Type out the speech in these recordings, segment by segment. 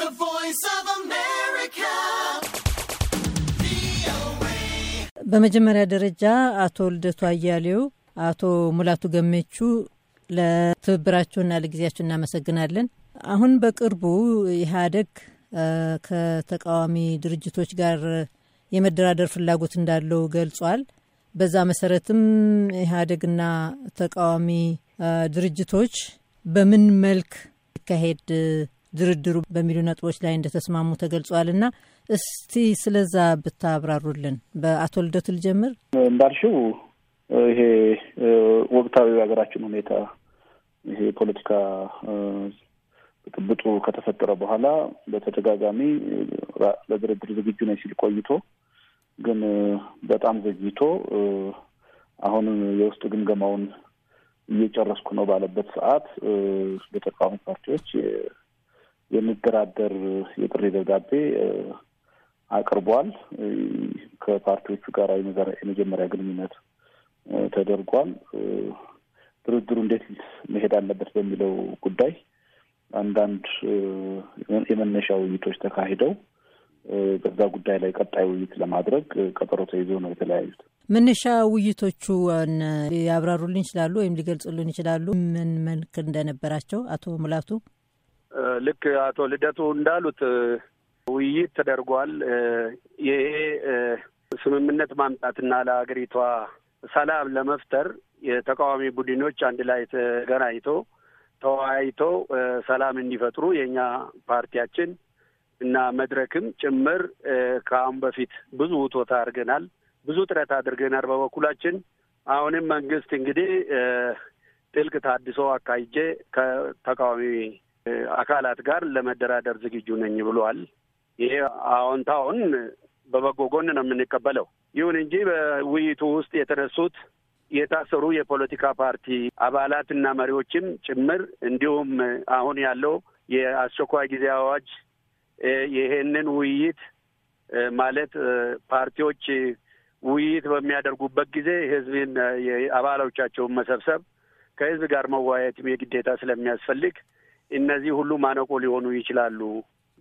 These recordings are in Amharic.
The Voice of America. በመጀመሪያ ደረጃ አቶ ልደቱ አያሌው፣ አቶ ሙላቱ ገመቹ ለትብብራችሁና ለጊዜያችሁ እናመሰግናለን። አሁን በቅርቡ ኢህአዴግ ከተቃዋሚ ድርጅቶች ጋር የመደራደር ፍላጎት እንዳለው ገልጿል። በዛ መሰረትም ኢህአዴግና ተቃዋሚ ድርጅቶች በምን መልክ ይካሄድ ድርድሩ በሚሉ ነጥቦች ላይ እንደተስማሙ ተገልጿልና እስቲ ስለዛ ብታብራሩልን። በአቶ ልደቱ ልጀምር። እንዳልሽው ይሄ ወቅታዊ ሀገራችን ሁኔታ ይሄ ፖለቲካ ብጥብጡ ከተፈጠረ በኋላ በተደጋጋሚ ለድርድር ዝግጁ ነኝ ሲል ቆይቶ ግን በጣም ዘግይቶ አሁን የውስጥ ግምገማውን እየጨረስኩ ነው ባለበት ሰዓት በተቃዋሚ ፓርቲዎች የሚደራደር የጥሪ ደብዳቤ አቅርቧል። ከፓርቲዎቹ ጋር የመጀመሪያ ግንኙነት ተደርጓል። ድርድሩ እንዴት መሄድ አለበት በሚለው ጉዳይ አንዳንድ የመነሻ ውይይቶች ተካሂደው በዛ ጉዳይ ላይ ቀጣይ ውይይት ለማድረግ ቀጠሮ ተይዞ ነው የተለያዩት። መነሻ ውይይቶቹ ያብራሩልን ይችላሉ ወይም ሊገልጹልን ይችላሉ? ምን መልክ እንደነበራቸው አቶ ሙላቱ? ልክ አቶ ልደቱ እንዳሉት ውይይት ተደርጓል። ይሄ ስምምነት ማምጣትና ለሀገሪቷ ሰላም ለመፍጠር የተቃዋሚ ቡድኖች አንድ ላይ ተገናኝቶ ተወያይቶ ሰላም እንዲፈጥሩ የእኛ ፓርቲያችን እና መድረክም ጭምር ከአሁን በፊት ብዙ ውቶታ አድርገናል፣ ብዙ ጥረት አድርገናል በበኩላችን። አሁንም መንግስት እንግዲህ ጥልቅ ታድሶ አካይጄ ከተቃዋሚ አካላት ጋር ለመደራደር ዝግጁ ነኝ ብሏል። ይሄ አዎንታውን በበጎ ጎን ነው የምንቀበለው። ይሁን እንጂ በውይይቱ ውስጥ የተነሱት የታሰሩ የፖለቲካ ፓርቲ አባላት እና መሪዎችም ጭምር እንዲሁም አሁን ያለው የአስቸኳይ ጊዜ አዋጅ ይሄንን ውይይት ማለት ፓርቲዎች ውይይት በሚያደርጉበት ጊዜ ህዝብን አባሎቻቸውን መሰብሰብ ከህዝብ ጋር መወያየት የግዴታ ስለሚያስፈልግ እነዚህ ሁሉ ማነቆ ሊሆኑ ይችላሉ።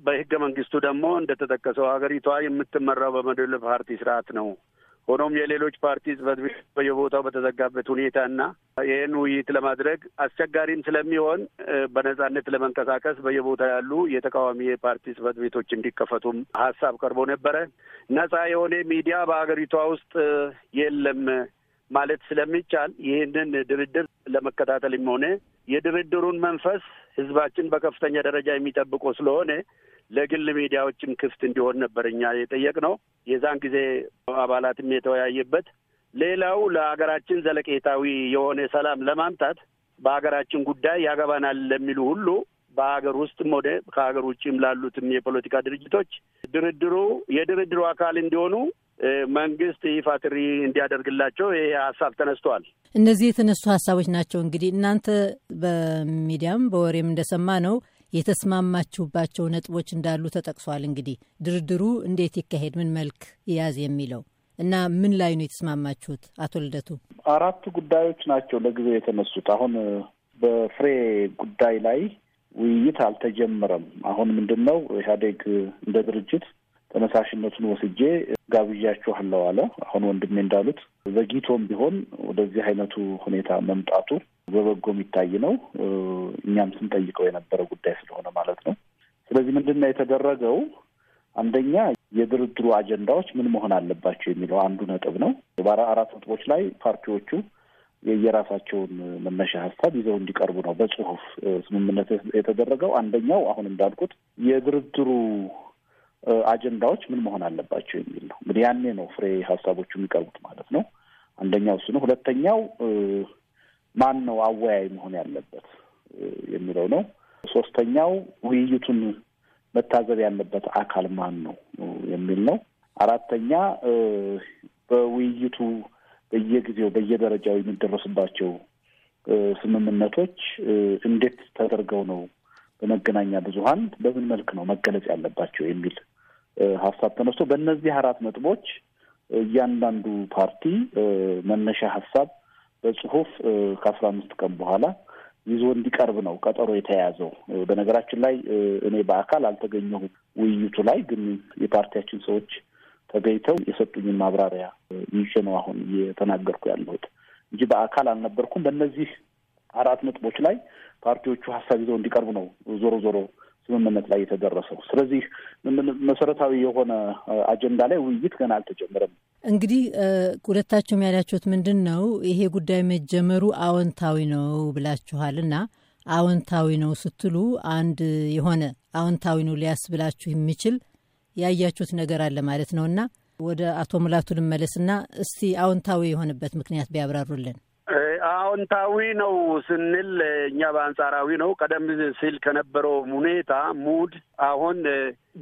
በህገ መንግስቱ ደግሞ እንደተጠቀሰው ሀገሪቷ የምትመራው በመድበለ ፓርቲ ስርዓት ነው። ሆኖም የሌሎች ፓርቲ ጽህፈት ቤት በየቦታው በተዘጋበት ሁኔታ እና ይህን ውይይት ለማድረግ አስቸጋሪም ስለሚሆን በነጻነት ለመንቀሳቀስ በየቦታ ያሉ የተቃዋሚ የፓርቲ ጽህፈት ቤቶች እንዲከፈቱም ሀሳብ ቀርቦ ነበረ። ነጻ የሆነ ሚዲያ በሀገሪቷ ውስጥ የለም ማለት ስለሚቻል ይህንን ድርድር ለመከታተልም ሆነ የድርድሩን መንፈስ ህዝባችን በከፍተኛ ደረጃ የሚጠብቆ ስለሆነ ለግል ሚዲያዎችም ክፍት እንዲሆን ነበር እኛ የጠየቅነው። የዛን ጊዜ አባላትም የተወያየበት ሌላው ለሀገራችን ዘለቄታዊ የሆነ ሰላም ለማምጣት በሀገራችን ጉዳይ ያገባናል ለሚሉ ሁሉ በሀገር ውስጥም ሆነ ከሀገር ውጭም ላሉትም የፖለቲካ ድርጅቶች ድርድሩ የድርድሩ አካል እንዲሆኑ መንግስት ይፋ ጥሪ እንዲያደርግላቸው ይሄ ሀሳብ ተነስተዋል። እነዚህ የተነሱ ሀሳቦች ናቸው። እንግዲህ እናንተ በሚዲያም በወሬም እንደሰማ ነው የተስማማችሁባቸው ነጥቦች እንዳሉ ተጠቅሷል። እንግዲህ ድርድሩ እንዴት ይካሄድ፣ ምን መልክ ይያዝ የሚለው እና ምን ላይ ነው የተስማማችሁት? አቶ ልደቱ፣ አራቱ ጉዳዮች ናቸው ለጊዜው የተነሱት። አሁን በፍሬ ጉዳይ ላይ ውይይት አልተጀመረም። አሁን ምንድን ነው ኢህአዴግ እንደ ድርጅት ተነሳሽነቱን ወስጄ ጋብዣችኋለሁ አለ። አሁን ወንድሜ እንዳሉት ዘግይቶም ቢሆን ወደዚህ አይነቱ ሁኔታ መምጣቱ በበጎ የሚታይ ነው። እኛም ስንጠይቀው የነበረ ጉዳይ ስለሆነ ማለት ነው። ስለዚህ ምንድን ነው የተደረገው? አንደኛ የድርድሩ አጀንዳዎች ምን መሆን አለባቸው የሚለው አንዱ ነጥብ ነው። በአራት ነጥቦች ላይ ፓርቲዎቹ የየራሳቸውን መነሻ ሀሳብ ይዘው እንዲቀርቡ ነው በጽሁፍ ስምምነት የተደረገው። አንደኛው አሁን እንዳልኩት የድርድሩ አጀንዳዎች ምን መሆን አለባቸው የሚል ነው። እንግዲህ ያኔ ነው ፍሬ ሀሳቦቹ የሚቀርቡት ማለት ነው። አንደኛው እሱ ነው። ሁለተኛው ማን ነው አወያይ መሆን ያለበት የሚለው ነው። ሶስተኛው ውይይቱን መታዘብ ያለበት አካል ማን ነው የሚል ነው። አራተኛ በውይይቱ በየጊዜው በየደረጃው የሚደረሱባቸው ስምምነቶች እንዴት ተደርገው ነው በመገናኛ ብዙኃን በምን መልክ ነው መገለጽ ያለባቸው የሚል ሀሳብ ተነስቶ በእነዚህ አራት ነጥቦች እያንዳንዱ ፓርቲ መነሻ ሀሳብ በጽሁፍ ከአስራ አምስት ቀን በኋላ ይዞ እንዲቀርብ ነው ቀጠሮ የተያያዘው። በነገራችን ላይ እኔ በአካል አልተገኘሁም ውይይቱ ላይ ግን የፓርቲያችን ሰዎች ተገኝተው የሰጡኝን ማብራሪያ ይዤ ነው አሁን እየተናገርኩ ያለሁት እንጂ በአካል አልነበርኩም። በእነዚህ አራት ነጥቦች ላይ ፓርቲዎቹ ሀሳብ ይዘው እንዲቀርቡ ነው ዞሮ ዞሮ ስምምነት ላይ የተደረሰው። ስለዚህ መሰረታዊ የሆነ አጀንዳ ላይ ውይይት ገና አልተጀመረም። እንግዲህ ሁለታቸውም ያላችሁት ምንድን ነው? ይሄ ጉዳይ መጀመሩ አዎንታዊ ነው ብላችኋል እና አዎንታዊ ነው ስትሉ አንድ የሆነ አዎንታዊ ነው ሊያስብላችሁ የሚችል ያያችሁት ነገር አለ ማለት ነው እና ወደ አቶ ሙላቱ ልመለስና እስቲ አዎንታዊ የሆነበት ምክንያት ቢያብራሩልን። አዎንታዊ ነው ስንል እኛ በአንጻራዊ ነው። ቀደም ሲል ከነበረው ሁኔታ ሙድ አሁን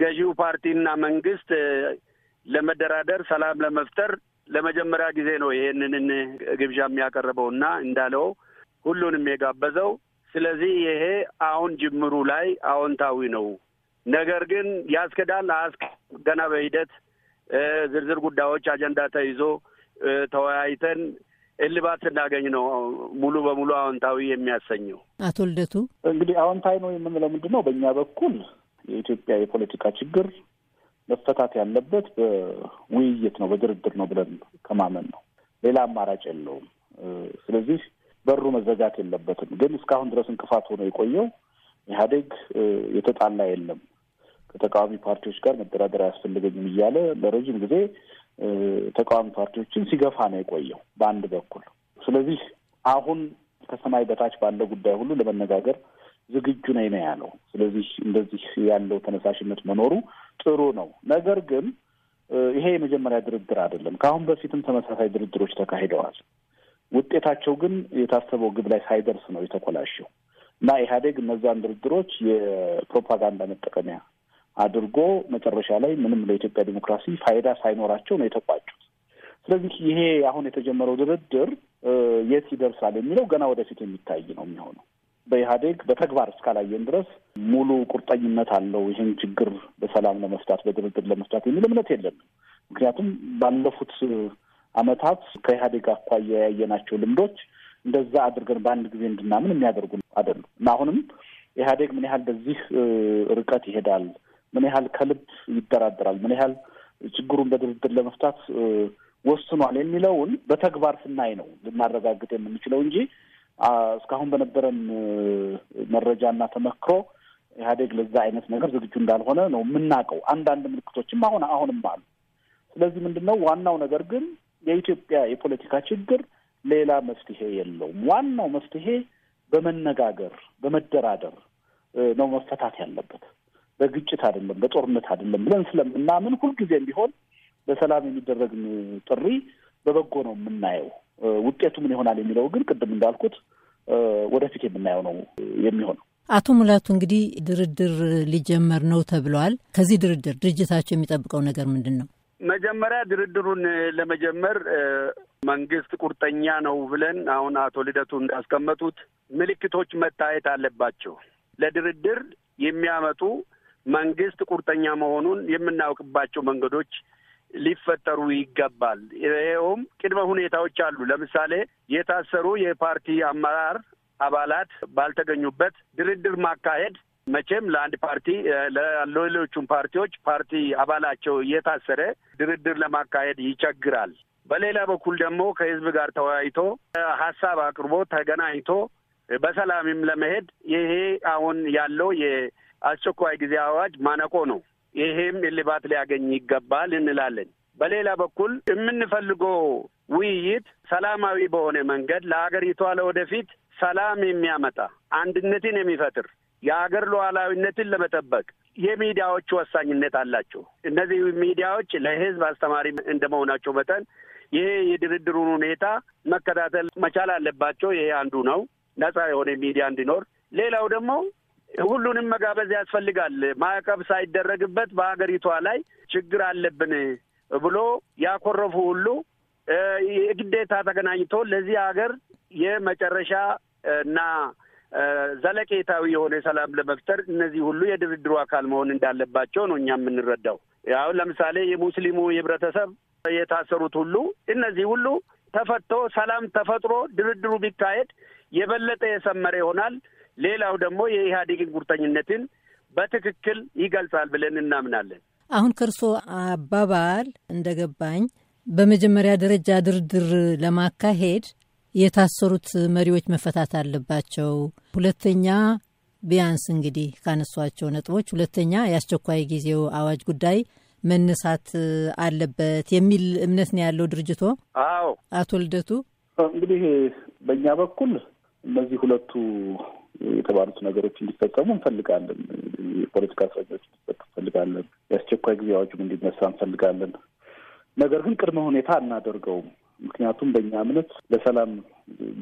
ገዢው ፓርቲና መንግስት ለመደራደር ሰላም ለመፍጠር ለመጀመሪያ ጊዜ ነው ይሄንን ግብዣ የሚያቀርበው እና እንዳለው ሁሉንም የጋበዘው። ስለዚህ ይሄ አሁን ጅምሩ ላይ አዎንታዊ ነው። ነገር ግን ያስከዳል አስክ ገና በሂደት ዝርዝር ጉዳዮች አጀንዳ ተይዞ ተወያይተን እልባት እናገኝ ነው ሙሉ በሙሉ አዎንታዊ የሚያሰኘው። አቶ ልደቱ እንግዲህ አዎንታዊ ነው የምንለው ምንድን ነው? በእኛ በኩል የኢትዮጵያ የፖለቲካ ችግር መፈታት ያለበት በውይይት ነው፣ በድርድር ነው ብለን ከማመን ነው። ሌላ አማራጭ የለውም። ስለዚህ በሩ መዘጋት የለበትም። ግን እስካሁን ድረስ እንቅፋት ሆኖ የቆየው ኢህአዴግ የተጣላ የለም ከተቃዋሚ ፓርቲዎች ጋር መደራደር አያስፈልገኝም እያለ ለረዥም ጊዜ ተቃዋሚ ፓርቲዎችን ሲገፋ ነው የቆየው በአንድ በኩል። ስለዚህ አሁን ከሰማይ በታች ባለው ጉዳይ ሁሉ ለመነጋገር ዝግጁ ነኝ ነው ያለው። ስለዚህ እንደዚህ ያለው ተነሳሽነት መኖሩ ጥሩ ነው። ነገር ግን ይሄ የመጀመሪያ ድርድር አይደለም። ከአሁን በፊትም ተመሳሳይ ድርድሮች ተካሂደዋል። ውጤታቸው ግን የታሰበው ግብ ላይ ሳይደርስ ነው የተኮላሸው እና ኢህአዴግ እነዛን ድርድሮች የፕሮፓጋንዳ መጠቀሚያ አድርጎ መጨረሻ ላይ ምንም ለኢትዮጵያ ዲሞክራሲ ፋይዳ ሳይኖራቸው ነው የተቋጩት። ስለዚህ ይሄ አሁን የተጀመረው ድርድር የት ይደርሳል የሚለው ገና ወደፊት የሚታይ ነው የሚሆነው። በኢህአዴግ በተግባር እስካላየን ድረስ ሙሉ ቁርጠኝነት አለው ይህን ችግር በሰላም ለመፍታት በድርድር ለመፍታት የሚል እምነት የለንም። ምክንያቱም ባለፉት ዓመታት ከኢህአዴግ አኳያ ያየናቸው ልምዶች እንደዛ አድርገን በአንድ ጊዜ እንድናምን የሚያደርጉ አይደሉም እና አሁንም ኢህአዴግ ምን ያህል በዚህ ርቀት ይሄዳል ምን ያህል ከልብ ይደራደራል፣ ምን ያህል ችግሩን በድርድር ለመፍታት ወስኗል የሚለውን በተግባር ስናይ ነው ልናረጋግጥ የምንችለው እንጂ እስካሁን በነበረን መረጃና ተመክሮ ኢህአዴግ ለዛ አይነት ነገር ዝግጁ እንዳልሆነ ነው የምናውቀው። አንዳንድ ምልክቶችም አሁን አሁንም አሉ። ስለዚህ ምንድን ነው ዋናው ነገር ግን የኢትዮጵያ የፖለቲካ ችግር ሌላ መፍትሄ የለውም። ዋናው መፍትሄ በመነጋገር በመደራደር ነው መፈታት ያለበት። በግጭት አይደለም በጦርነት አይደለም ብለን ስለምናምን ሁልጊዜም ቢሆን በሰላም የሚደረግን ጥሪ በበጎ ነው የምናየው። ውጤቱ ምን ይሆናል የሚለው ግን ቅድም እንዳልኩት ወደፊት የምናየው ነው የሚሆነው። አቶ ሙላቱ እንግዲህ ድርድር ሊጀመር ነው ተብለዋል። ከዚህ ድርድር ድርጅታቸው የሚጠብቀው ነገር ምንድን ነው? መጀመሪያ ድርድሩን ለመጀመር መንግስት ቁርጠኛ ነው ብለን አሁን አቶ ልደቱ እንዳስቀመጡት ምልክቶች መታየት አለባቸው። ለድርድር የሚያመጡ መንግስት ቁርጠኛ መሆኑን የምናውቅባቸው መንገዶች ሊፈጠሩ ይገባል። ይኸውም ቅድመ ሁኔታዎች አሉ። ለምሳሌ የታሰሩ የፓርቲ አመራር አባላት ባልተገኙበት ድርድር ማካሄድ መቼም ለአንድ ፓርቲ ለሌሎቹም ፓርቲዎች ፓርቲ አባላቸው እየታሰረ ድርድር ለማካሄድ ይቸግራል። በሌላ በኩል ደግሞ ከህዝብ ጋር ተወያይቶ ሀሳብ አቅርቦ ተገናኝቶ በሰላምም ለመሄድ ይሄ አሁን ያለው አስቸኳይ ጊዜ አዋጅ ማነቆ ነው። ይሄም እልባት ሊያገኝ ይገባል እንላለን። በሌላ በኩል የምንፈልገው ውይይት ሰላማዊ በሆነ መንገድ ለአገሪቷ ለወደፊት ሰላም የሚያመጣ አንድነትን የሚፈጥር የአገር ሉዓላዊነትን ለመጠበቅ የሚዲያዎች ወሳኝነት አላቸው። እነዚህ ሚዲያዎች ለሕዝብ አስተማሪ እንደመሆናቸው መጠን ይሄ የድርድሩን ሁኔታ መከታተል መቻል አለባቸው። ይሄ አንዱ ነው፣ ነጻ የሆነ ሚዲያ እንዲኖር። ሌላው ደግሞ ሁሉንም መጋበዝ ያስፈልጋል። ማዕቀብ ሳይደረግበት በሀገሪቷ ላይ ችግር አለብን ብሎ ያኮረፉ ሁሉ ግዴታ ተገናኝቶ ለዚህ ሀገር የመጨረሻ እና ዘለቄታዊ የሆነ ሰላም ለመፍጠር እነዚህ ሁሉ የድርድሩ አካል መሆን እንዳለባቸው ነው እኛ የምንረዳው። አሁን ለምሳሌ የሙስሊሙ ህብረተሰብ የታሰሩት ሁሉ እነዚህ ሁሉ ተፈቶ ሰላም ተፈጥሮ ድርድሩ ቢካሄድ የበለጠ የሰመረ ይሆናል። ሌላው ደግሞ የኢህአዴግን ጉርተኝነትን በትክክል ይገልጻል ብለን እናምናለን። አሁን ከእርሶ አባባል እንደገባኝ በመጀመሪያ ደረጃ ድርድር ለማካሄድ የታሰሩት መሪዎች መፈታት አለባቸው። ሁለተኛ ቢያንስ እንግዲህ ካነሷቸው ነጥቦች ሁለተኛ የአስቸኳይ ጊዜው አዋጅ ጉዳይ መነሳት አለበት የሚል እምነት ነው ያለው ድርጅቶ? አዎ። አቶ ልደቱ እንግዲህ በእኛ በኩል እነዚህ ሁለቱ የተባሉት ነገሮች እንዲፈጸሙ እንፈልጋለን። የፖለቲካ እስረኞች እንዲፈቱ እንፈልጋለን። የአስቸኳይ ጊዜ አዋጁም እንዲነሳ እንፈልጋለን። ነገር ግን ቅድመ ሁኔታ አናደርገውም። ምክንያቱም በእኛ እምነት ለሰላም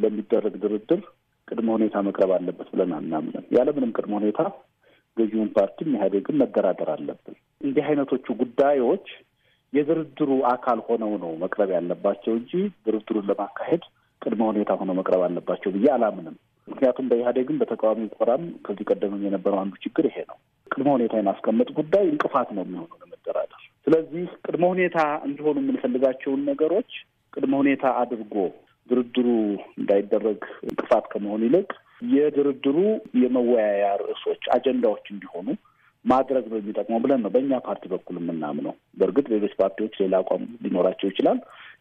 ለሚደረግ ድርድር ቅድመ ሁኔታ መቅረብ አለበት ብለን አናምንም። ያለምንም ቅድመ ሁኔታ ገዢውን ፓርቲም ኢህአዴግን መደራደር አለብን። እንዲህ አይነቶቹ ጉዳዮች የድርድሩ አካል ሆነው ነው መቅረብ ያለባቸው እንጂ ድርድሩን ለማካሄድ ቅድመ ሁኔታ ሆነው መቅረብ አለባቸው ብዬ አላምንም። ምክንያቱም በኢህአዴግም በተቃዋሚ ቆራም ከዚህ ቀደምም የነበረው አንዱ ችግር ይሄ ነው። ቅድመ ሁኔታ የማስቀመጥ ጉዳይ እንቅፋት ነው የሚሆነው ለመደራደር። ስለዚህ ቅድመ ሁኔታ እንዲሆኑ የምንፈልጋቸውን ነገሮች ቅድመ ሁኔታ አድርጎ ድርድሩ እንዳይደረግ እንቅፋት ከመሆን ይልቅ የድርድሩ የመወያያ ርዕሶች አጀንዳዎች እንዲሆኑ ማድረግ ነው የሚጠቅመው ብለን ነው በእኛ ፓርቲ በኩል የምናምነው። በእርግጥ ሌሎች ፓርቲዎች ሌላ አቋም ሊኖራቸው ይችላል።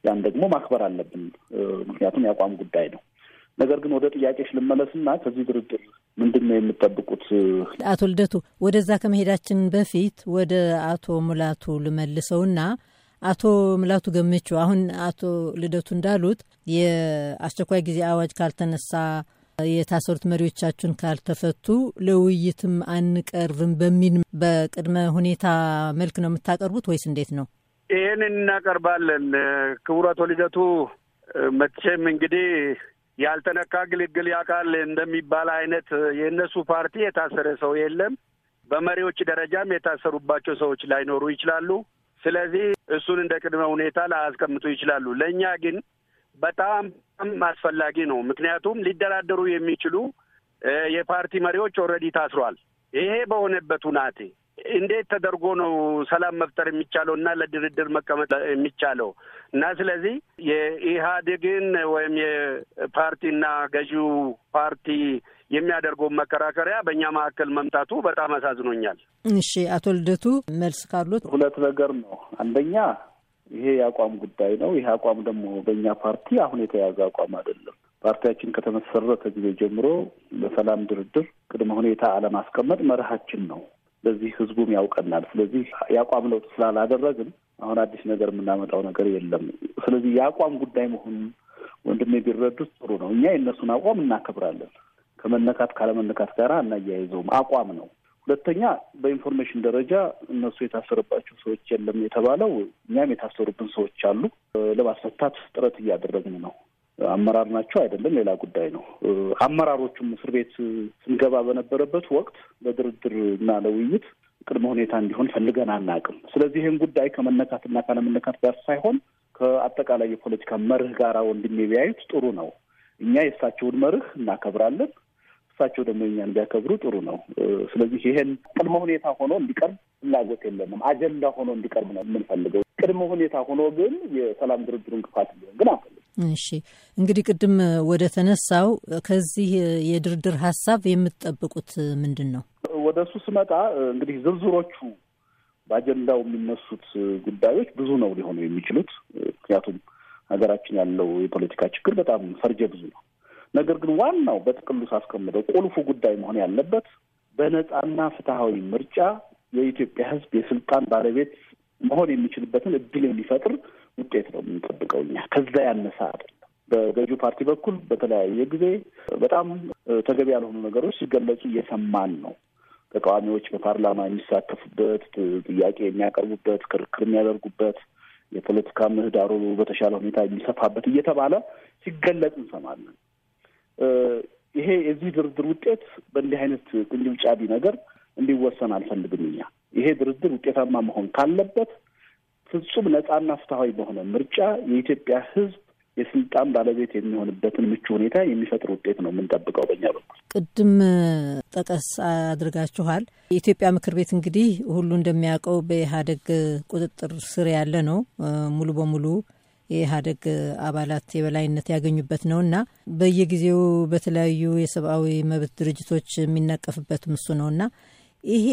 ያን ደግሞ ማክበር አለብን፣ ምክንያቱም የአቋም ጉዳይ ነው። ነገር ግን ወደ ጥያቄች ልመለስና ከዚህ ድርድር ምንድን ነው የምጠብቁት? አቶ ልደቱ ወደዛ ከመሄዳችን በፊት ወደ አቶ ሙላቱ ልመልሰውና አቶ ምላቱ ገመቹ አሁን አቶ ልደቱ እንዳሉት የአስቸኳይ ጊዜ አዋጅ ካልተነሳ የታሰሩት መሪዎቻችሁን ካልተፈቱ ለውይይትም አንቀርብም በሚል በቅድመ ሁኔታ መልክ ነው የምታቀርቡት ወይስ እንዴት ነው? ይህን እናቀርባለን። ክቡር አቶ ልደቱ መቼም እንግዲህ ያልተነካ ግልግል ያውቃል እንደሚባል አይነት የእነሱ ፓርቲ የታሰረ ሰው የለም። በመሪዎች ደረጃም የታሰሩባቸው ሰዎች ላይኖሩ ይችላሉ። ስለዚህ እሱን እንደ ቅድመ ሁኔታ ላያስቀምጡ ይችላሉ። ለእኛ ግን በጣም አስፈላጊ ነው። ምክንያቱም ሊደራደሩ የሚችሉ የፓርቲ መሪዎች ኦልሬዲ ታስሯል። ይሄ በሆነበት ሁናቴ እንዴት ተደርጎ ነው ሰላም መፍጠር የሚቻለው እና ለድርድር መቀመጥ የሚቻለው? እና ስለዚህ የኢህአዴግን ወይም የፓርቲና ገዢው ፓርቲ የሚያደርገውን መከራከሪያ በእኛ መካከል መምጣቱ በጣም አሳዝኖኛል። እሺ፣ አቶ ልደቱ መልስ ካሉት። ሁለት ነገር ነው። አንደኛ ይሄ የአቋም ጉዳይ ነው። ይሄ አቋም ደግሞ በእኛ ፓርቲ አሁን የተያዘ አቋም አይደለም። ፓርቲያችን ከተመሰረተ ጊዜ ጀምሮ ለሰላም ድርድር ቅድመ ሁኔታ አለማስቀመጥ መርሃችን ነው። ለዚህ ህዝቡም ያውቀናል። ስለዚህ የአቋም ለውጥ ስላላደረግን አሁን አዲስ ነገር የምናመጣው ነገር የለም። ስለዚህ የአቋም ጉዳይ መሆኑን ወንድሜ ቢረዱት ጥሩ ነው። እኛ የእነሱን አቋም እናከብራለን። ከመነካት ካለመነካት ጋር እናያይዘውም አቋም ነው። ሁለተኛ በኢንፎርሜሽን ደረጃ እነሱ የታሰረባቸው ሰዎች የለም የተባለው እኛም የታሰሩብን ሰዎች አሉ። ለማስፈታት ጥረት እያደረግን ነው። አመራር ናቸው አይደለም፣ ሌላ ጉዳይ ነው። አመራሮቹም እስር ቤት ስንገባ በነበረበት ወቅት ለድርድር እና ለውይይት ቅድመ ሁኔታ እንዲሆን ፈልገን አናውቅም። ስለዚህ ይህን ጉዳይ ከመነካትና ካለመነካት ጋር ሳይሆን ከአጠቃላይ የፖለቲካ መርህ ጋር እንደሚወያዩት ጥሩ ነው። እኛ የእሳቸውን መርህ እናከብራለን፣ እሳቸው ደግሞ እኛን ቢያከብሩ ጥሩ ነው። ስለዚህ ይሄን ቅድመ ሁኔታ ሆኖ እንዲቀርብ ፍላጎት የለንም። አጀንዳ ሆኖ እንዲቀርብ ነው የምንፈልገው። ቅድመ ሁኔታ ሆኖ ግን የሰላም ድርድሩ እንቅፋት ቢሆን ግን አንፈልግም። እሺ እንግዲህ ቅድም ወደ ተነሳው ከዚህ የድርድር ሀሳብ የምትጠብቁት ምንድን ነው? ወደ እሱ ስመጣ እንግዲህ ዝርዝሮቹ በአጀንዳው የሚነሱት ጉዳዮች ብዙ ነው ሊሆኑ የሚችሉት ምክንያቱም ሀገራችን ያለው የፖለቲካ ችግር በጣም ፈርጀ ብዙ ነው። ነገር ግን ዋናው በጥቅሉ ሳስቀምጠው ቁልፉ ጉዳይ መሆን ያለበት በነጻና ፍትሐዊ ምርጫ የኢትዮጵያ ሕዝብ የስልጣን ባለቤት መሆን የሚችልበትን እድል የሚፈጥር ውጤት ነው የምንጠብቀው እኛ ከዛ ያነሳ አይደለም። በገዢው ፓርቲ በኩል በተለያየ ጊዜ በጣም ተገቢ ያልሆኑ ነገሮች ሲገለጹ እየሰማን ነው። ተቃዋሚዎች በፓርላማ የሚሳተፉበት፣ ጥያቄ የሚያቀርቡበት፣ ክርክር የሚያደርጉበት፣ የፖለቲካ ምህዳሩ በተሻለ ሁኔታ የሚሰፋበት እየተባለ ሲገለጽ እንሰማለን። ይሄ የዚህ ድርድር ውጤት በእንዲህ አይነት ቁንጅብጫቢ ጫቢ ነገር እንዲወሰን አልፈልግም እኛ። ይሄ ድርድር ውጤታማ መሆን ካለበት ፍጹም ነጻና ፍትሐዊ በሆነ ምርጫ የኢትዮጵያ ህዝብ የስልጣን ባለቤት የሚሆንበትን ምቹ ሁኔታ የሚፈጥር ውጤት ነው የምንጠብቀው በእኛ በኩል። ቅድም ጠቀስ አድርጋችኋል። የኢትዮጵያ ምክር ቤት እንግዲህ ሁሉ እንደሚያውቀው በኢህአዴግ ቁጥጥር ስር ያለ ነው። ሙሉ በሙሉ የኢህአዴግ አባላት የበላይነት ያገኙበት ነው እና በየጊዜው በተለያዩ የሰብአዊ መብት ድርጅቶች የሚነቀፍበትም እሱ ነው እና ይሄ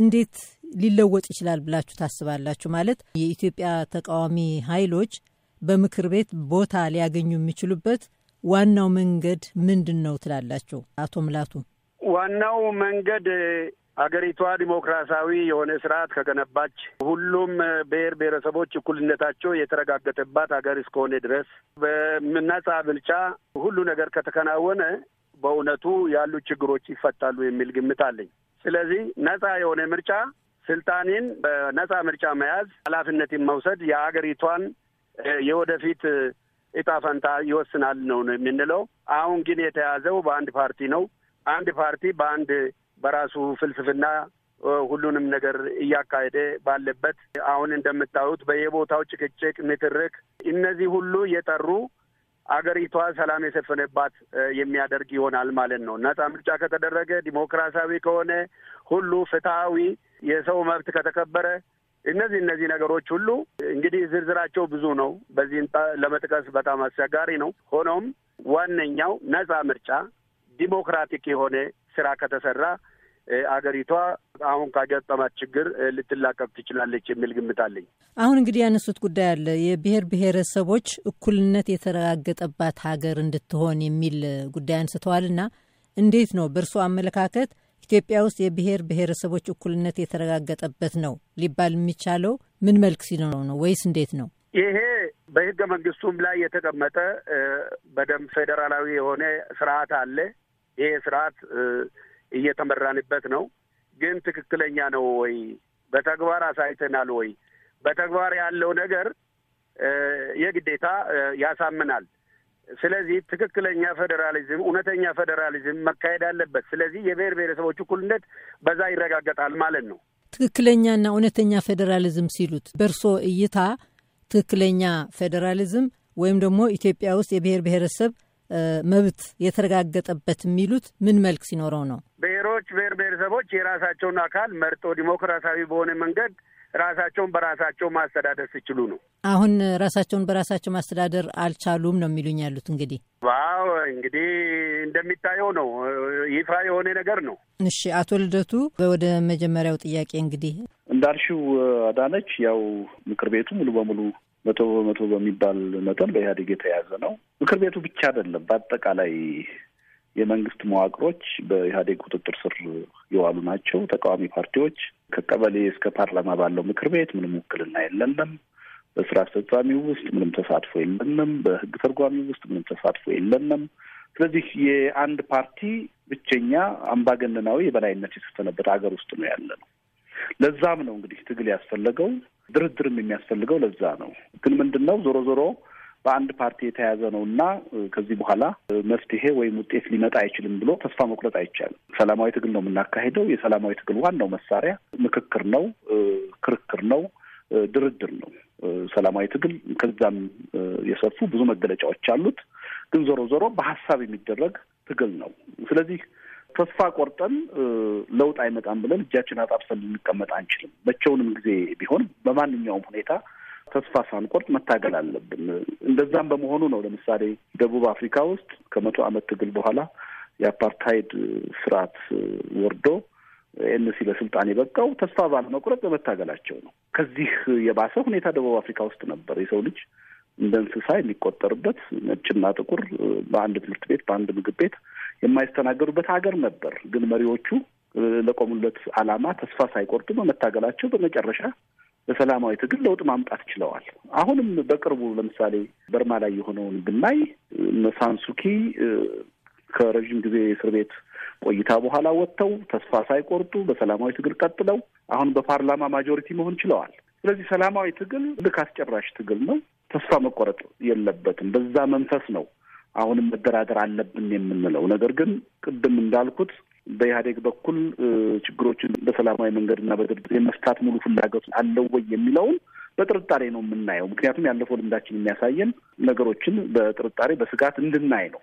እንዴት ሊለወጥ ይችላል ብላችሁ ታስባላችሁ? ማለት የኢትዮጵያ ተቃዋሚ ኃይሎች በምክር ቤት ቦታ ሊያገኙ የሚችሉበት ዋናው መንገድ ምንድን ነው ትላላችሁ? አቶ ምላቱ፣ ዋናው መንገድ አገሪቷ ዲሞክራሲያዊ የሆነ ስርዓት ከገነባች ሁሉም ብሔር ብሔረሰቦች እኩልነታቸው የተረጋገጠባት ሀገር እስከሆነ ድረስ በነጻ ምርጫ ሁሉ ነገር ከተከናወነ በእውነቱ ያሉ ችግሮች ይፈታሉ የሚል ግምት አለኝ። ስለዚህ ነጻ የሆነ ምርጫ ስልጣኔን በነጻ ምርጫ መያዝ፣ ኃላፊነትን መውሰድ የሀገሪቷን የወደፊት እጣ ፈንታ ይወስናል ነው የምንለው። አሁን ግን የተያዘው በአንድ ፓርቲ ነው። አንድ ፓርቲ በአንድ በራሱ ፍልስፍና ሁሉንም ነገር እያካሄደ ባለበት አሁን እንደምታዩት በየቦታው ጭቅጭቅ፣ ምትርክ እነዚህ ሁሉ የጠሩ አገሪቷ ሰላም የሰፈነባት የሚያደርግ ይሆናል ማለት ነው። ነጻ ምርጫ ከተደረገ፣ ዲሞክራሲያዊ ከሆነ፣ ሁሉ ፍትሐዊ፣ የሰው መብት ከተከበረ እነዚህ እነዚህ ነገሮች ሁሉ እንግዲህ ዝርዝራቸው ብዙ ነው። በዚህ ለመጥቀስ በጣም አስቸጋሪ ነው። ሆኖም ዋነኛው ነጻ ምርጫ ዲሞክራቲክ የሆነ ስራ ከተሰራ አገሪቷ አሁን ካጋጠማት ችግር ልትላቀቅ ትችላለች የሚል ግምት አለኝ። አሁን እንግዲህ ያነሱት ጉዳይ አለ። የብሔር ብሔረሰቦች እኩልነት የተረጋገጠባት ሀገር እንድትሆን የሚል ጉዳይ አንስተዋልና እንዴት ነው በእርሶ አመለካከት ኢትዮጵያ ውስጥ የብሔር ብሔረሰቦች እኩልነት የተረጋገጠበት ነው ሊባል የሚቻለው ምን መልክ ሲኖረው ነው ወይስ እንዴት ነው? ይሄ በህገ መንግስቱም ላይ የተቀመጠ በደንብ ፌዴራላዊ የሆነ ስርዓት አለ። ይሄ ስርዓት እየተመራንበት ነው። ግን ትክክለኛ ነው ወይ? በተግባር አሳይተናል ወይ? በተግባር ያለው ነገር የግዴታ ያሳምናል። ስለዚህ ትክክለኛ ፌዴራሊዝም፣ እውነተኛ ፌዴራሊዝም መካሄድ አለበት። ስለዚህ የብሔር ብሔረሰቦች እኩልነት በዛ ይረጋገጣል ማለት ነው። ትክክለኛና እውነተኛ ፌዴራሊዝም ሲሉት በእርሶ እይታ ትክክለኛ ፌዴራሊዝም ወይም ደግሞ ኢትዮጵያ ውስጥ የብሔር ብሔረሰብ መብት የተረጋገጠበት የሚሉት ምን መልክ ሲኖረው ነው? ብሔሮች፣ ብሔር ብሔረሰቦች የራሳቸውን አካል መርጦ ዲሞክራሲያዊ በሆነ መንገድ ራሳቸውን በራሳቸው ማስተዳደር ሲችሉ ነው። አሁን ራሳቸውን በራሳቸው ማስተዳደር አልቻሉም ነው የሚሉኝ ያሉት። እንግዲህ ዋው እንግዲህ እንደሚታየው ነው፣ ይፋ የሆነ ነገር ነው። እሺ አቶ ልደቱ ወደ መጀመሪያው ጥያቄ እንግዲህ እንዳልሽው አዳነች፣ ያው ምክር ቤቱ ሙሉ በሙሉ መቶ በመቶ በሚባል መጠን በኢህአዴግ የተያዘ ነው። ምክር ቤቱ ብቻ አይደለም፣ በአጠቃላይ የመንግስት መዋቅሮች በኢህአዴግ ቁጥጥር ስር የዋሉ ናቸው። ተቃዋሚ ፓርቲዎች ከቀበሌ እስከ ፓርላማ ባለው ምክር ቤት ምንም ውክልና የለንም። በስራ አስፈጻሚው ውስጥ ምንም ተሳትፎ የለንም። በህግ ተርጓሚው ውስጥ ምንም ተሳትፎ የለንም። ስለዚህ የአንድ ፓርቲ ብቸኛ አምባገነናዊ የበላይነት የሰፈነበት ሀገር ውስጥ ነው ያለ ነው። ለዛም ነው እንግዲህ ትግል ያስፈለገው ድርድርም የሚያስፈልገው ለዛ ነው። ግን ምንድን ነው ዞሮ ዞሮ በአንድ ፓርቲ የተያዘ ነው እና ከዚህ በኋላ መፍትሄ ወይም ውጤት ሊመጣ አይችልም ብሎ ተስፋ መቁረጥ አይቻልም። ሰላማዊ ትግል ነው የምናካሄደው። የሰላማዊ ትግል ዋናው መሳሪያ ምክክር ነው፣ ክርክር ነው፣ ድርድር ነው። ሰላማዊ ትግል ከዛም የሰፉ ብዙ መገለጫዎች አሉት። ግን ዞሮ ዞሮ በሀሳብ የሚደረግ ትግል ነው። ስለዚህ ተስፋ ቆርጠን ለውጥ አይመጣም ብለን እጃችን አጣብሰን ልንቀመጥ አንችልም። መቼውንም ጊዜ ቢሆን በማንኛውም ሁኔታ ተስፋ ሳንቆርጥ መታገል አለብን። እንደዛም በመሆኑ ነው ለምሳሌ ደቡብ አፍሪካ ውስጥ ከመቶ ዓመት ትግል በኋላ የአፓርታይድ ስርዓት ወርዶ ኤንሲ ለስልጣን የበቃው ተስፋ ባለመቁረጥ በመታገላቸው ነው። ከዚህ የባሰ ሁኔታ ደቡብ አፍሪካ ውስጥ ነበር። የሰው ልጅ እንደ እንስሳ የሚቆጠርበት ነጭና ጥቁር በአንድ ትምህርት ቤት በአንድ ምግብ ቤት የማይስተናገዱበት ሀገር ነበር። ግን መሪዎቹ ለቆሙለት ዓላማ ተስፋ ሳይቆርጡ በመታገላቸው በመጨረሻ በሰላማዊ ትግል ለውጥ ማምጣት ችለዋል። አሁንም በቅርቡ ለምሳሌ በርማ ላይ የሆነውን ብናይ ሳንሱኪ ከረዥም ጊዜ እስር ቤት ቆይታ በኋላ ወጥተው ተስፋ ሳይቆርጡ በሰላማዊ ትግል ቀጥለው አሁን በፓርላማ ማጆሪቲ መሆን ችለዋል። ስለዚህ ሰላማዊ ትግል ልክ አስጨራሽ ትግል ነው። ተስፋ መቆረጥ የለበትም። በዛ መንፈስ ነው አሁንም መደራደር አለብን የምንለው። ነገር ግን ቅድም እንዳልኩት በኢህአዴግ በኩል ችግሮችን በሰላማዊ መንገድና በድርድር የመፍታት ሙሉ ፍላጎት አለው ወይ የሚለውን በጥርጣሬ ነው የምናየው። ምክንያቱም ያለፈው ልምዳችን የሚያሳየን ነገሮችን በጥርጣሬ በስጋት እንድናይ ነው።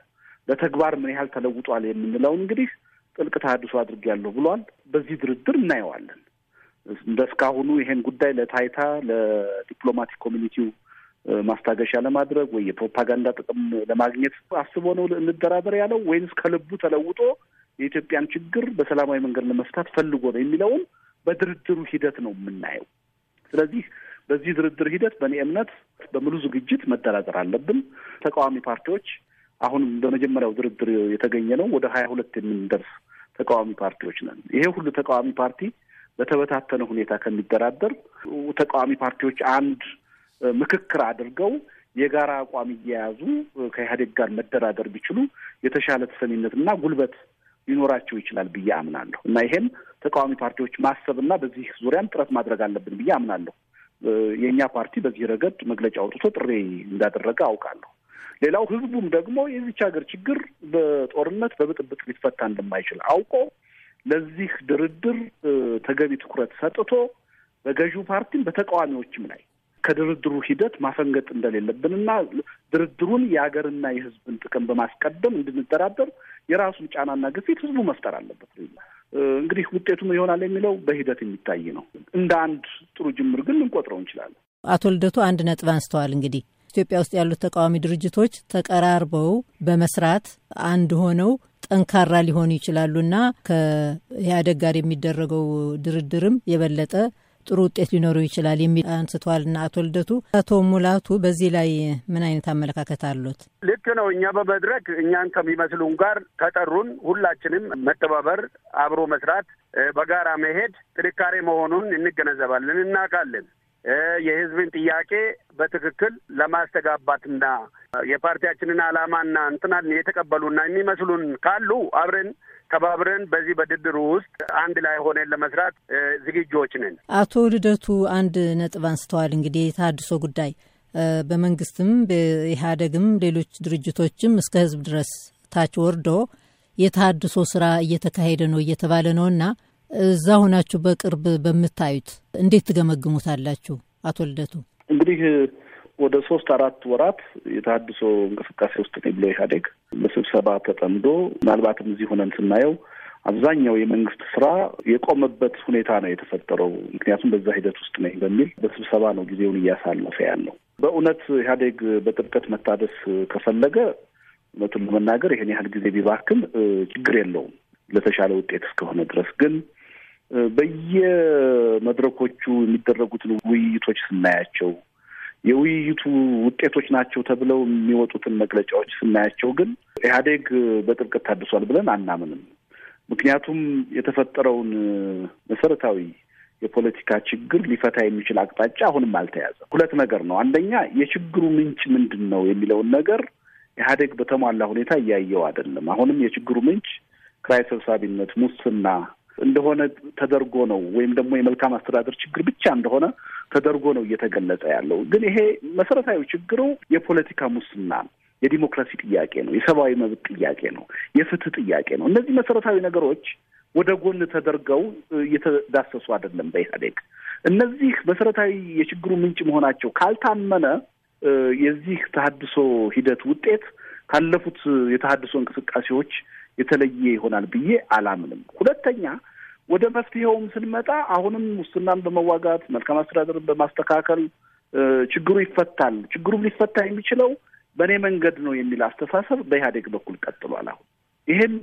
በተግባር ምን ያህል ተለውጧል የምንለው እንግዲህ ጥልቅ ተሃድሶ አድርጌያለሁ ብሏል። በዚህ ድርድር እናየዋለን። እንደ እስካሁኑ ይሄን ጉዳይ ለታይታ ለዲፕሎማቲክ ኮሚኒቲው ማስታገሻ ለማድረግ ወይ የፕሮፓጋንዳ ጥቅም ለማግኘት አስቦ ነው እንደራደር ያለው ወይንስ ከልቡ ተለውጦ የኢትዮጵያን ችግር በሰላማዊ መንገድ ለመፍታት ፈልጎ ነው የሚለውን በድርድሩ ሂደት ነው የምናየው። ስለዚህ በዚህ ድርድር ሂደት በእኔ እምነት በሙሉ ዝግጅት መደራደር አለብን። ተቃዋሚ ፓርቲዎች አሁንም በመጀመሪያው ድርድር የተገኘ ነው ወደ ሀያ ሁለት የምንደርስ ተቃዋሚ ፓርቲዎች ነን። ይሄ ሁሉ ተቃዋሚ ፓርቲ በተበታተነ ሁኔታ ከሚደራደር ተቃዋሚ ፓርቲዎች አንድ ምክክር አድርገው የጋራ አቋም እየያዙ ከኢህአዴግ ጋር መደራደር ቢችሉ የተሻለ ተሰሚነትና ጉልበት ሊኖራቸው ይችላል ብዬ አምናለሁ እና ይሄም ተቃዋሚ ፓርቲዎች ማሰብና በዚህ ዙሪያም ጥረት ማድረግ አለብን ብዬ አምናለሁ። የእኛ ፓርቲ በዚህ ረገድ መግለጫ አውጥቶ ጥሪ እንዳደረገ አውቃለሁ። ሌላው ህዝቡም ደግሞ የዚች ሀገር ችግር በጦርነት በብጥብጥ ሊፈታ እንደማይችል አውቆ ለዚህ ድርድር ተገቢ ትኩረት ሰጥቶ በገዢው ፓርቲም በተቃዋሚዎችም ላይ ከድርድሩ ሂደት ማፈንገጥ እንደሌለብንና ድርድሩን የሀገርና የሕዝብን ጥቅም በማስቀደም እንድንደራደር የራሱን ጫናና ግፊት ሕዝቡ መፍጠር አለበት። እንግዲህ ውጤቱም ይሆናል የሚለው በሂደት የሚታይ ነው። እንደ አንድ ጥሩ ጅምር ግን ልንቆጥረው እንችላለን። አቶ ልደቱ አንድ ነጥብ አንስተዋል። እንግዲህ ኢትዮጵያ ውስጥ ያሉት ተቃዋሚ ድርጅቶች ተቀራርበው በመስራት አንድ ሆነው ጠንካራ ሊሆኑ ይችላሉና ከኢህአዴግ ጋር የሚደረገው ድርድርም የበለጠ ጥሩ ውጤት ሊኖረው ይችላል የሚል አንስተዋልና አቶ ልደቱ። አቶ ሙላቱ በዚህ ላይ ምን አይነት አመለካከት አሉት? ልክ ነው። እኛ በመድረክ እኛን ከሚመስሉን ጋር ከጠሩን ሁላችንም መተባበር፣ አብሮ መስራት፣ በጋራ መሄድ ጥንካሬ መሆኑን እንገነዘባለን፣ እናውቃለን። የህዝብን ጥያቄ በትክክል ለማስተጋባትና የፓርቲያችንን አላማና እንትናን የተቀበሉና የሚመስሉን ካሉ አብረን ተባብረን በዚህ በድድሩ ውስጥ አንድ ላይ ሆነን ለመስራት ዝግጆች ነን። አቶ ልደቱ አንድ ነጥብ አንስተዋል። እንግዲህ የተሃድሶ ጉዳይ በመንግስትም በኢህአዴግም ሌሎች ድርጅቶችም እስከ ህዝብ ድረስ ታች ወርዶ የተሃድሶ ስራ እየተካሄደ ነው እየተባለ ነውና እዛ ሆናችሁ በቅርብ በምታዩት እንዴት ትገመግሙታላችሁ? አቶ ልደቱ እንግዲህ ወደ ሶስት አራት ወራት የተሀድሶ እንቅስቃሴ ውስጥ ነው ብሎ ኢህአዴግ በስብሰባ ተጠምዶ ምናልባትም እዚህ ሆነን ስናየው አብዛኛው የመንግስት ስራ የቆመበት ሁኔታ ነው የተፈጠረው። ምክንያቱም በዛ ሂደት ውስጥ ነኝ በሚል በስብሰባ ነው ጊዜውን እያሳለፈ ያለው። በእውነት ኢህአዴግ በጥብቀት መታደስ ከፈለገ እውነቱን ለመናገር ይሄን ያህል ጊዜ ቢባክም ችግር የለውም ለተሻለ ውጤት እስከሆነ ድረስ ግን በየመድረኮቹ የሚደረጉትን ውይይቶች ስናያቸው የውይይቱ ውጤቶች ናቸው ተብለው የሚወጡትን መግለጫዎች ስናያቸው ግን ኢህአዴግ በጥብቀት ታድሷል ብለን አናምንም። ምክንያቱም የተፈጠረውን መሰረታዊ የፖለቲካ ችግር ሊፈታ የሚችል አቅጣጫ አሁንም አልተያዘም። ሁለት ነገር ነው። አንደኛ የችግሩ ምንጭ ምንድን ነው የሚለውን ነገር ኢህአዴግ በተሟላ ሁኔታ እያየው አይደለም። አሁንም የችግሩ ምንጭ ኪራይ ሰብሳቢነት፣ ሙስና እንደሆነ ተደርጎ ነው ወይም ደግሞ የመልካም አስተዳደር ችግር ብቻ እንደሆነ ተደርጎ ነው እየተገለጸ ያለው። ግን ይሄ መሰረታዊ ችግሩ የፖለቲካ ሙስና ነው። የዲሞክራሲ ጥያቄ ነው። የሰብአዊ መብት ጥያቄ ነው። የፍትህ ጥያቄ ነው። እነዚህ መሰረታዊ ነገሮች ወደ ጎን ተደርገው እየተዳሰሱ አይደለም በኢህአዴግ። እነዚህ መሰረታዊ የችግሩ ምንጭ መሆናቸው ካልታመነ የዚህ ተሀድሶ ሂደት ውጤት ካለፉት የተሀድሶ እንቅስቃሴዎች የተለየ ይሆናል ብዬ አላምንም። ሁለተኛ ወደ መፍትሄውም ስንመጣ አሁንም ሙስናን በመዋጋት መልካም አስተዳደርን በማስተካከል ችግሩ ይፈታል። ችግሩም ሊፈታ የሚችለው በእኔ መንገድ ነው የሚል አስተሳሰብ በኢህአዴግ በኩል ቀጥሏል። አሁን ይህም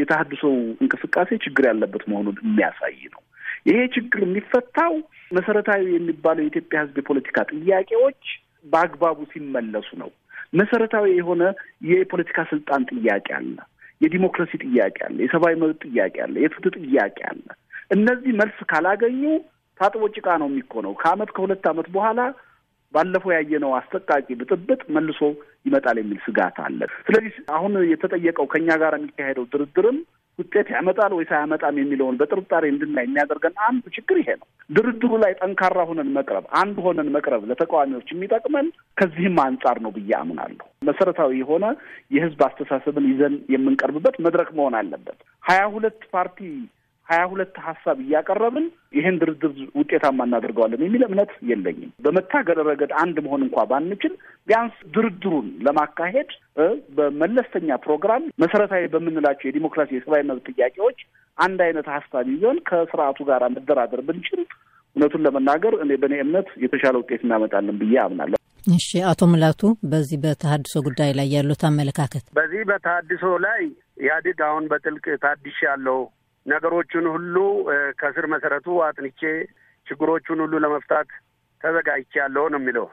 የተሀድሶው እንቅስቃሴ ችግር ያለበት መሆኑን የሚያሳይ ነው። ይሄ ችግር የሚፈታው መሰረታዊ የሚባለው የኢትዮጵያ ሕዝብ የፖለቲካ ጥያቄዎች በአግባቡ ሲመለሱ ነው። መሰረታዊ የሆነ የፖለቲካ ስልጣን ጥያቄ አለ። የዲሞክራሲ ጥያቄ አለ፣ የሰብአዊ መብት ጥያቄ አለ፣ የፍትህ ጥያቄ አለ። እነዚህ መልስ ካላገኙ ታጥቦ ጭቃ ነው የሚኮነው። ከአመት ከሁለት አመት በኋላ ባለፈው ያየነው አስጠቃቂ ብጥብጥ መልሶ ይመጣል የሚል ስጋት አለ። ስለዚህ አሁን የተጠየቀው ከእኛ ጋር የሚካሄደው ድርድርም ውጤት ያመጣል ወይስ አያመጣም የሚለውን በጥርጣሬ እንድናይ የሚያደርገን አንዱ ችግር ይሄ ነው። ድርድሩ ላይ ጠንካራ ሆነን መቅረብ፣ አንድ ሆነን መቅረብ ለተቃዋሚዎች የሚጠቅመን ከዚህም አንጻር ነው ብዬ አምናለሁ። መሰረታዊ የሆነ የህዝብ አስተሳሰብን ይዘን የምንቀርብበት መድረክ መሆን አለበት። ሀያ ሁለት ፓርቲ ሀያ ሁለት ሀሳብ እያቀረብን ይህን ድርድር ውጤታማ እናደርገዋለን የሚል እምነት የለኝም። በመታገል ረገድ አንድ መሆን እንኳ ባንችል ቢያንስ ድርድሩን ለማካሄድ በመለስተኛ ፕሮግራም መሰረታዊ በምንላቸው የዲሞክራሲ የሰብአዊ መብት ጥያቄዎች አንድ አይነት ሀሳብ ይዘን ከስርዓቱ ጋር መደራደር ብንችል እውነቱን ለመናገር እኔ በእኔ እምነት የተሻለ ውጤት እናመጣለን ብዬ አምናለሁ። እሺ፣ አቶ ሙላቱ በዚህ በተሀድሶ ጉዳይ ላይ ያሉት አመለካከት? በዚህ በተሀድሶ ላይ ኢህአዴግ አሁን በጥልቅ ታድሽ ያለው ነገሮቹን ሁሉ ከስር መሰረቱ አጥንቼ ችግሮቹን ሁሉ ለመፍታት ተዘጋጅቻለሁ ነው የሚለው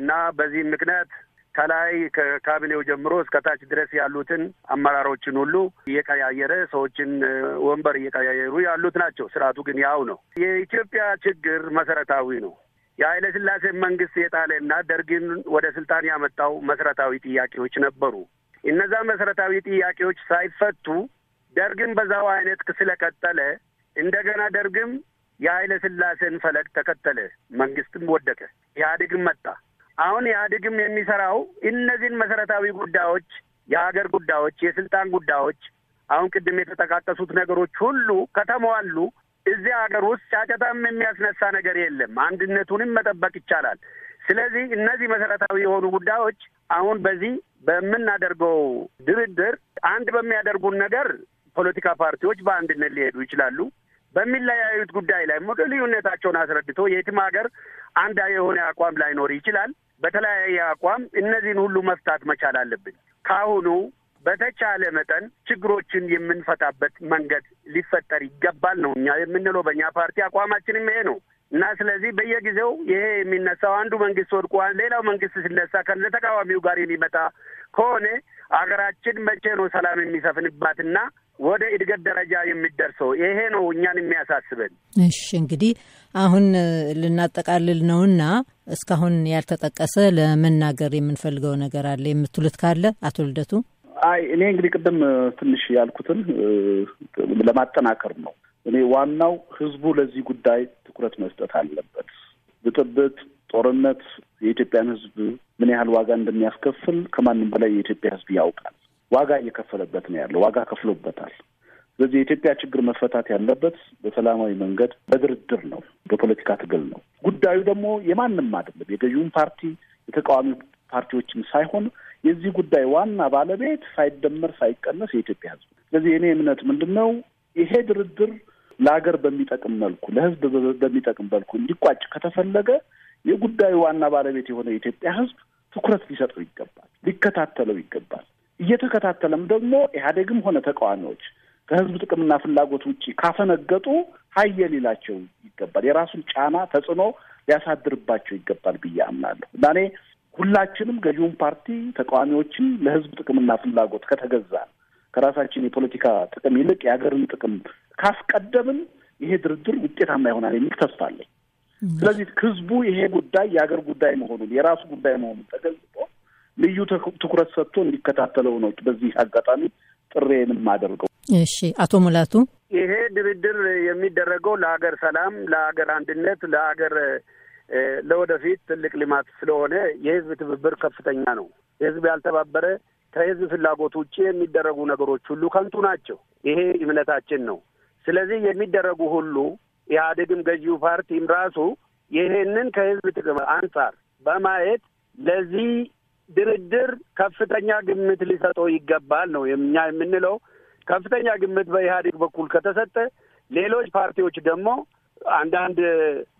እና በዚህ ምክንያት ከላይ ከካቢኔው ጀምሮ እስከ ታች ድረስ ያሉትን አመራሮችን ሁሉ እየቀያየረ ሰዎችን ወንበር እየቀያየሩ ያሉት ናቸው። ስርዓቱ ግን ያው ነው። የኢትዮጵያ ችግር መሰረታዊ ነው። የኃይለ ስላሴ መንግስት የጣለና ደርግን ወደ ስልጣን ያመጣው መሰረታዊ ጥያቄዎች ነበሩ። እነዛ መሰረታዊ ጥያቄዎች ሳይፈቱ ደርግን በዛው አይነት ስለቀጠለ እንደገና ደርግም የኃይለ ስላሴን ፈለግ ተከተለ። መንግስትም ወደቀ፣ ኢህአዴግም መጣ። አሁን ኢህአዴግም የሚሰራው እነዚህን መሰረታዊ ጉዳዮች፣ የሀገር ጉዳዮች፣ የስልጣን ጉዳዮች አሁን ቅድም የተጠቃቀሱት ነገሮች ሁሉ ከተሟሉ እዚህ ሀገር ውስጥ ጫጨታም የሚያስነሳ ነገር የለም። አንድነቱንም መጠበቅ ይቻላል። ስለዚህ እነዚህ መሰረታዊ የሆኑ ጉዳዮች አሁን በዚህ በምናደርገው ድርድር አንድ በሚያደርጉን ነገር ፖለቲካ ፓርቲዎች በአንድነት ሊሄዱ ይችላሉ። በሚለያዩት ጉዳይ ላይ ልዩነታቸውን አስረድቶ የትም ሀገር አንድ የሆነ አቋም ላይኖር ይችላል። በተለያየ አቋም እነዚህን ሁሉ መፍታት መቻል አለብን። ከአሁኑ በተቻለ መጠን ችግሮችን የምንፈታበት መንገድ ሊፈጠር ይገባል ነው እኛ የምንለው። በእኛ ፓርቲ አቋማችንም ይሄ ነው እና ስለዚህ በየጊዜው ይሄ የሚነሳው አንዱ መንግስት ወድቆ ሌላው መንግስት ሲነሳ ከተቃዋሚው ተቃዋሚው ጋር የሚመጣ ከሆነ አገራችን መቼ ነው ሰላም የሚሰፍንባትና ወደ እድገት ደረጃ የሚደርሰው ይሄ ነው እኛን የሚያሳስበን። እሺ እንግዲህ አሁን ልናጠቃልል ነውና እስካሁን ያልተጠቀሰ ለመናገር የምንፈልገው ነገር አለ የምትሉት ካለ አቶ ልደቱ? አይ እኔ እንግዲህ ቅድም ትንሽ ያልኩትን ለማጠናከር ነው። እኔ ዋናው ህዝቡ ለዚህ ጉዳይ ትኩረት መስጠት አለበት። ብጥብጥ፣ ጦርነት የኢትዮጵያን ህዝብ ምን ያህል ዋጋ እንደሚያስከፍል ከማንም በላይ የኢትዮጵያ ህዝብ ያውቃል። ዋጋ እየከፈለበት ነው ያለው፣ ዋጋ ከፍሎበታል። ስለዚህ የኢትዮጵያ ችግር መፈታት ያለበት በሰላማዊ መንገድ በድርድር ነው፣ በፖለቲካ ትግል ነው። ጉዳዩ ደግሞ የማንም አይደለም፣ የገዥውን ፓርቲ የተቃዋሚ ፓርቲዎችም ሳይሆን የዚህ ጉዳይ ዋና ባለቤት ሳይደመር ሳይቀነስ የኢትዮጵያ ሕዝብ። ስለዚህ የእኔ እምነት ምንድን ነው ይሄ ድርድር ለሀገር በሚጠቅም መልኩ ለሕዝብ በሚጠቅም መልኩ እንዲቋጭ ከተፈለገ የጉዳዩ ዋና ባለቤት የሆነ የኢትዮጵያ ሕዝብ ትኩረት ሊሰጠው ይገባል፣ ሊከታተለው ይገባል። እየተከታተለም ደግሞ ኢህአዴግም ሆነ ተቃዋሚዎች ከህዝብ ጥቅምና ፍላጎት ውጭ ካፈነገጡ ሀየ ሊላቸው ይገባል። የራሱን ጫና ተጽዕኖ ሊያሳድርባቸው ይገባል ብዬ አምናለሁ እና እኔ ሁላችንም ገዢውን ፓርቲ ተቃዋሚዎችን ለህዝብ ጥቅምና ፍላጎት ከተገዛ ከራሳችን የፖለቲካ ጥቅም ይልቅ የሀገርን ጥቅም ካስቀደምን ይሄ ድርድር ውጤታማ ይሆናል የሚል ተስፋ አለኝ። ስለዚህ ህዝቡ ይሄ ጉዳይ የሀገር ጉዳይ መሆኑን የራሱ ጉዳይ መሆኑን ልዩ ትኩረት ሰጥቶ እንዲከታተለው ነው በዚህ አጋጣሚ ጥሬንም አደርገው። እሺ፣ አቶ ሙላቱ ይሄ ድርድር የሚደረገው ለሀገር ሰላም፣ ለሀገር አንድነት፣ ለሀገር ለወደፊት ትልቅ ልማት ስለሆነ የህዝብ ትብብር ከፍተኛ ነው። ህዝብ ያልተባበረ ከህዝብ ፍላጎት ውጭ የሚደረጉ ነገሮች ሁሉ ከንቱ ናቸው። ይሄ እምነታችን ነው። ስለዚህ የሚደረጉ ሁሉ ኢህአዴግም ገዢው ፓርቲም ራሱ ይሄንን ከህዝብ ጥቅም አንጻር በማየት ለዚህ ድርድር ከፍተኛ ግምት ሊሰጠው ይገባል ነው የኛ የምንለው። ከፍተኛ ግምት በኢህአዴግ በኩል ከተሰጠ ሌሎች ፓርቲዎች ደግሞ አንዳንድ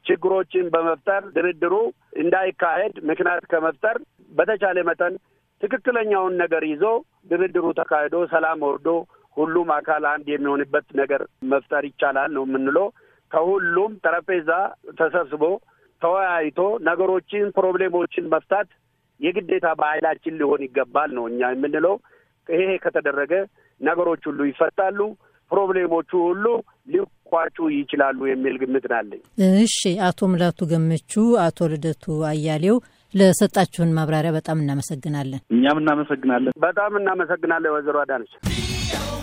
ችግሮችን በመፍጠር ድርድሩ እንዳይካሄድ ምክንያት ከመፍጠር በተቻለ መጠን ትክክለኛውን ነገር ይዞ ድርድሩ ተካሂዶ ሰላም ወርዶ ሁሉም አካል አንድ የሚሆንበት ነገር መፍጠር ይቻላል ነው የምንለው። ከሁሉም ጠረጴዛ ተሰብስቦ ተወያይቶ ነገሮችን፣ ፕሮብሌሞችን መፍታት የግዴታ በኃይላችን ሊሆን ይገባል ነው እኛ የምንለው። ይሄ ከተደረገ ነገሮች ሁሉ ይፈታሉ፣ ፕሮብሌሞቹ ሁሉ ሊቋጩ ይችላሉ የሚል ግምት ናለኝ። እሺ፣ አቶ ሙላቱ ገመቹ፣ አቶ ልደቱ አያሌው ለሰጣችሁን ማብራሪያ በጣም እናመሰግናለን። እኛም እናመሰግናለን። በጣም እናመሰግናለን ወይዘሮ አዳነች።